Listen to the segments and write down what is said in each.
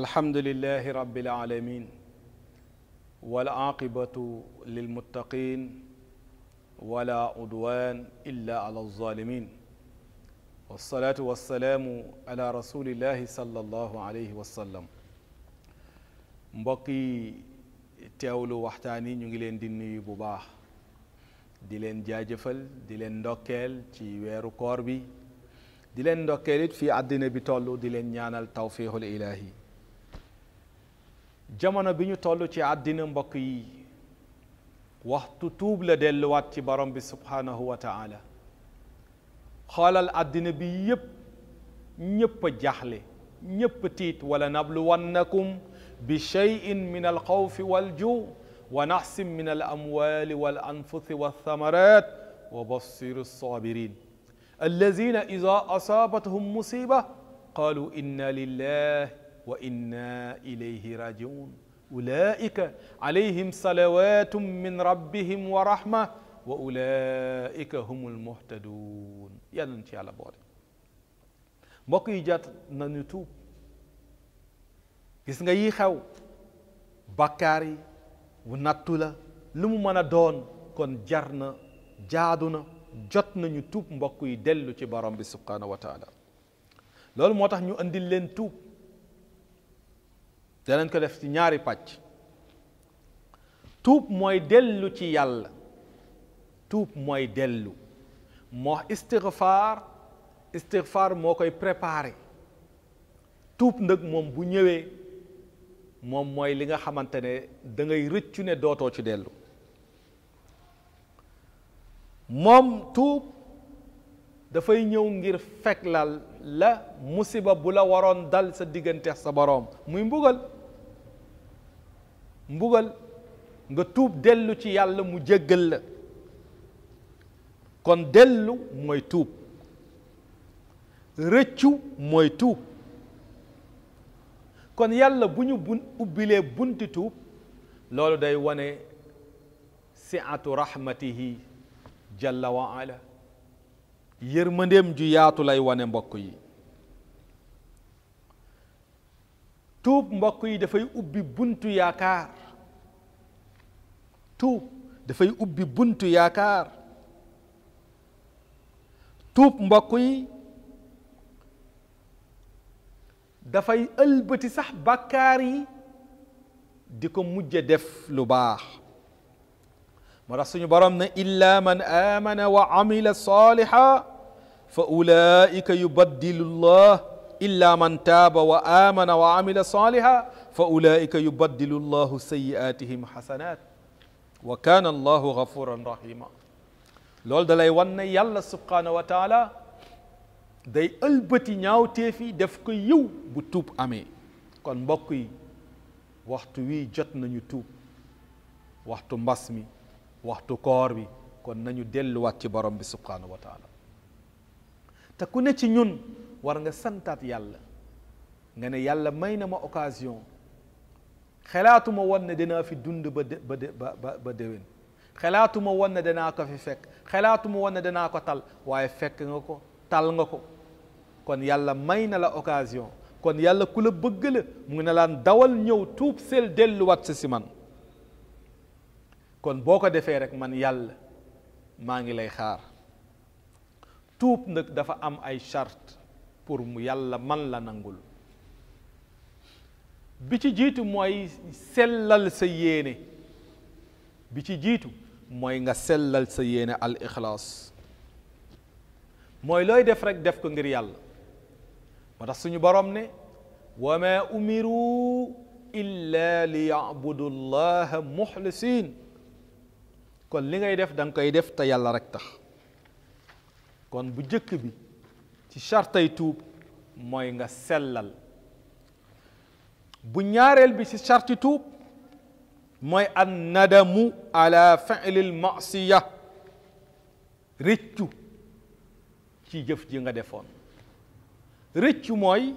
الحمد لله رب العالمين والعاقبة للمتقين ولا عدوان إلا على الظالمين والصلاة والسلام على رسول الله صلى الله عليه وسلم مبقي تاولو وحتاني waxtaan yi ñu ngi leen di leen jaajëfal di leen ndokkeel ci weeru koor bi di leen ndokkeel it fii àddina bi toll di leen ñaanal tawfiixul ilaahi jamono bi ñu toll ci àddina mbokk yi waxtu tuub la delluwaat ci borom bi subhaanahu wa taala xoolal àddina bi yépp ñépp a ñépp tiit wala nabluwannakum bi cheyin min alxawfi waljuu ونحس من الأموال والأنفس والثمرات وبصر الصابرين الذين إذا أصابتهم مصيبة قالوا إنا لله وإنا إليه راجعون أولئك عليهم صلوات من ربهم ورحمة وأولئك هم المهتدون يا ننتي على yàlla بقي جات ننتوب jot nañu بكاري bu nattu la lu mu mën a doon kon jar na jaadu na jot nañu tuub mbokk yi dellu ci borom bi subhanahu wa loolu moo tax ñu andil leen tuub danañ ko def ci ñaari pàcc tuub mooy dellu ci yàlla tuub mooy dellu moo istigfaar istigfaar moo koy préparé tuub nag moom bu ñëwee moom mooy li nga xamante ne dangay ngay rëccu ne dootoo ci dellu moom tuub dafay ñëw ngir feklal la musiba bu la waroon dal sa diggante sa boroom muy mbugal mbugal nga tuub dellu ci yàlla mu jéggal la kon dellu mooy tuub rëccu mooy tuub kon yàlla bu ñu bun ubbilee tuub loolu day wane siatu rahmatihi jalla wa ala yërmandeem ju yaatu lay wane mbokk yi tuub mbokk yi dafay ubbi buntu yaakaar tuub dafay ubbi buntu yaakaar tuub mbokk yi dafay ëlbati sax bàkkaar yi di ko mujj def lu baax moo tax suñu borom ne illa man amana wa amila saliha fa ulaika yubaddilu llah illa man taaba wa amana wa amila saliha fa ulaika yubaddilu llahu sayiatihim xasanat wa kana allahu gafuran rahima loolu da lay wan ne yàlla subhanahu wa taala day ëlbati ñaawteef yi def ko yiw bu tuub amee kon mbokk yi waxtu wii jot nañu tuub waxtu mbas mi waxtu koor bi kon nañu delluwaat ci borom bi subhanahu wa taala te ku ne ci ñun war nga santaat yàlla nga ne yàlla may na ma occasion xelaatuma woon ne dinaa fi dund ba ba ba déwén xelaatuma woon ne danaa ko fi fekk xelaatuma woon ne danaa ko tal waaye fekk nga ko tal nga ko kon yàlla may na la occasion kon yàlla kula la bëgg la mu ne laan dawal ñëw tuub sel delluwaat wat si man kon boo ko defee rek man yàlla maa ngi lay xaar tuub nag dafa am ay charte pour mu yàlla man la nangul bi ci jiitu mooy sellal sa yéene bi ci jiitu mooy nga sellal sa yéene al ikhlas mooy looy def rek def ko ngir yàlla ma tax suñu borom ne wa ma umiru illa li yabudu llaha muxlisin kon li ngay def da nga koy def te yàlla rek tax kon bu jëkk bi ci chartay tuub mooy nga sellal bu ñaareel bi ci charti tuub mooy an nadamu ala fi'lil masiya rëccu ci jëf ji nga defoon rëccu mooy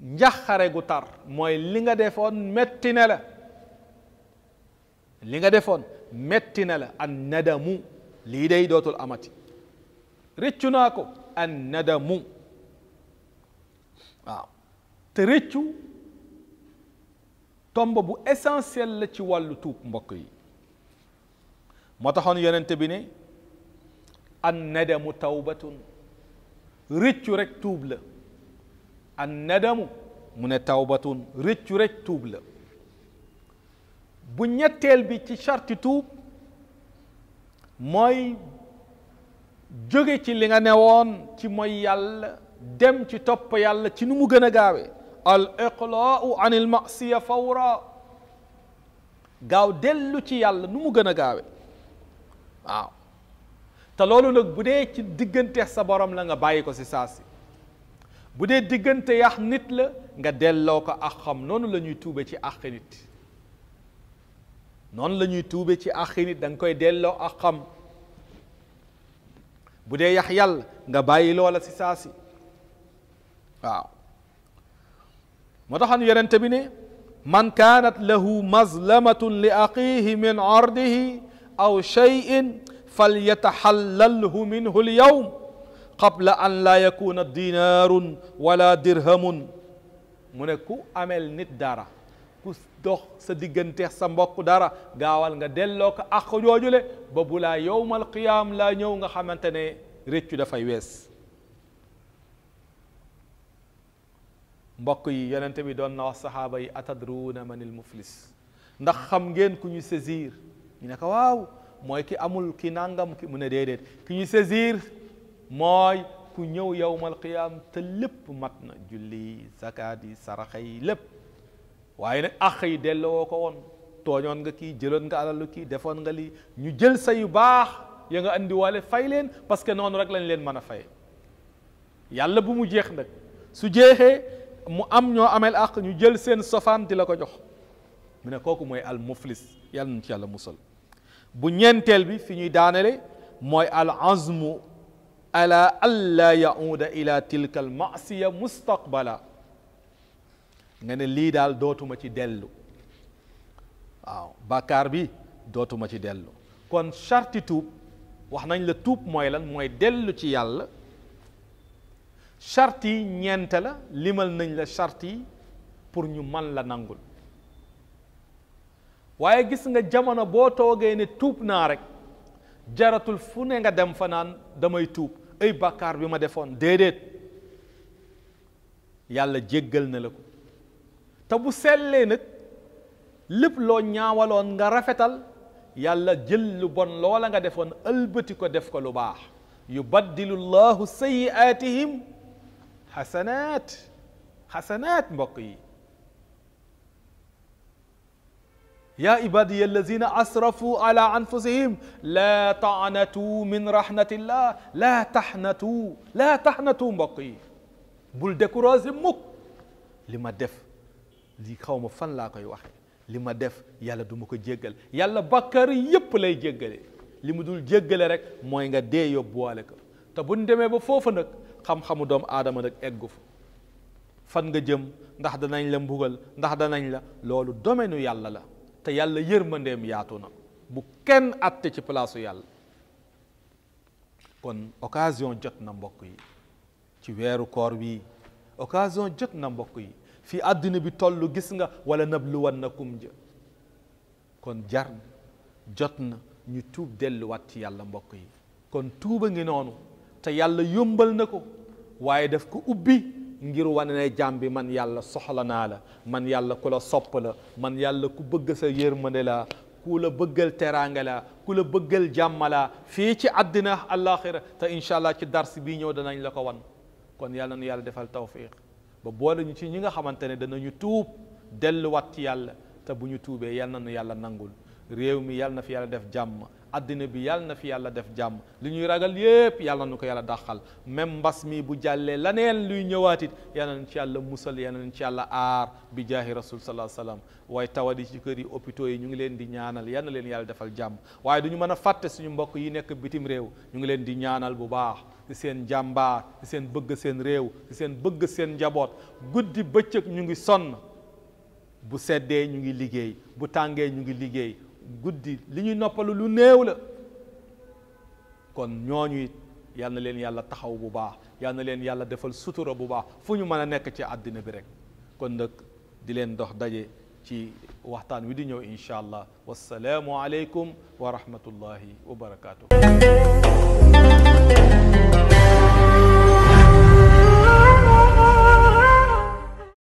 njaxare gu tar mooy li nga defoon metti na la li nga defoon metti na la an nadamu lii day dootul amati rëccu naa ko an waaw te rëccu tomb bu essentiel la ci wàllu tuub mbokk yi moo taxoon yonente bi ne an nadamu tawbatun rëccu rek tuub la an nadamu mu ne tawbatun rëccu rek tuub la bu ñetteel bi ci charti tuub mooy jóge ci li nga newoon ci mooy yàlla dem ci topp yàlla ci nu mu gën a gaawe al iqlaau an il masiya fawra gaaw dellu ci yàlla nu mu gën a gaawe waaw te loolu nak budé ci digënté sa borom la nga bayiko ci si saasi bu dee diggante nit la nga dello ko ak xam noonu la ñuy tuube ci àq nit noonu la ñuy tuube ci àq nit da koy dello ak xam bu dee yax nga bàyyi loola ci saasi waaw motaxan taxoon bi ne man kanat lahu mazlamatun li aqihi min ardihi aw cheyin فليتحلله منه اليوم قبل أن لا يكون دينار ولا درهم mu ne ku amel nit dara ku dox sa digganteex sa mbokk dara gaawal nga delloo ko ak joojule ba bu laa yowmal ñëw nga xamante ne réccu dafay wees mbokk yi yonente bi doon na wax saxaaba yi atadruuna man il muflis ndax xam ngeen ku ñu saisir ñu ne ko waaw mooy ki amul ki nangam ki mu ne déedéet ki ñu saisir mooy ku ñëw yowmal qiyam te lépp mat na julli zakat yi saraxa yi lépp waaye nag àq yi delloo ko woon tooñoon nga kii jëloon nga alalu kii defoon nga lii ñu jël sa yu baax ya nga andi wale fay leen parce que noonu rek lañ leen mën a fay yàlla bu mu jeex nag su jeexee mu am ñoo ameel ak ñu jël seen sofaan di la ko jox mu ne kooku mooy al muflis yàlla nañ ci yàlla musal bu ñentel bi fi ñuy daanale mooy al azmu ala alla yauda ila tilka al masiya mustaqbala nga ne lii daal dootuma ci dellu waaw bàkkaar bi dootuma ci dellu kon charti tuub wax nañ la tuub mooy lan mooy dellu ci yàlla charti yi la limal nañ la charti pour ñu man la nangul waye gis nga jamono bo toge ne tuub na rek jaratul fune nga dem fa naan damay tuub ay bakar bima ma dedet yàlla jéggal na lako ta bu selle nak lépp lo ñaawalon nga rafetal yàlla jël lu bon lola nga defoon elbeuti ko def ko lu bax yubaddilu llahu sayiatihim hasanat hasanat mbokk yi يا عبادي الذين أسرفوا على أنفسهم لا تعنتوا من رحمة الله لا تحنتوا لا تحنتوا مبقي بل دكورازم مك لما دف دي خاوم فن لا كي واحد لما دف يلا دم كي جعل يلا بكر يب لا يجعل لما دول جعل رك ما ينعا ده يب بوالك تبون دم بفوفنك خم خم دم آدم دك إيجوف فن جم ndax danañ la mbugal ndax danañ la loolu domaine yàlla la te yàlla yërmandeem yaatu na bu kenn àtte ci palaasu yàlla kon occasion jot na mbokk yi ci weeru koor wi occasion jot na mbokk yi fii àddina bi toll gis nga wala nabluwannakum ja kon jar jot na ñu tuub delluwaat ci yàlla mbokk yi kon tuuba ngi noonu te yàlla yombal na ko waaye daf ko ubbi ngir wane ne jaam bi man yàlla soxla naa la man yàlla ku la sopp la man yàlla ku bëgg sa yërmande la ku la bëggal teraanga la ku la bëggal jàmm la fii ci àddina àllaaxira te incha allah ci dars bii ñëw danañ la ko wan kon yàlla na yàlla defal tawfiq ba boole ñu ci ñi nga xamante ne danañu tuub delluwaat ci yàlla te bu ñu tuubee yàlla na yàlla nangul réew mi yàlla na fi yàlla def jàmm àddina bi yàlla na fi yàlla def jàmm li ñuy ragal yépp yàlla na ñu ko yàlla dàqal même mbas mi bu jàllee la neen luy ñëwaatit yàlla nañ ci yàlla musal yàlla nañ ci yàlla aar bi jaahi rasul sallallahu waaye tawal yi ci kër yi hôpitaux yi ñu ngi leen di ñaanal yàlla leen yàlla defal jàmm waaye du ñu mën a fàtte suñu mbokk yi nekk bitim réew ñu ngi leen di ñaanal bu baax ci seen jàmbaar ci seen bëgg seen réew ci seen bëgg seen njaboot guddi bëccëg ñu ngi sonn bu seddee ñu ngi liggéey bu tàngee ñu ngi liggéey guddi li ñuy noppalu lu néew la kon ñooñu it yal na leen yàlla taxaw bu baax yal na leen yàlla defal sutura bu baax fu ñu mën a nekk ci àddina bi rek kon nag di leen dox daje ci waxtaan wi di ñëw incha allah wassalaamu aleykum wa rahmatullahi wa barakaatu.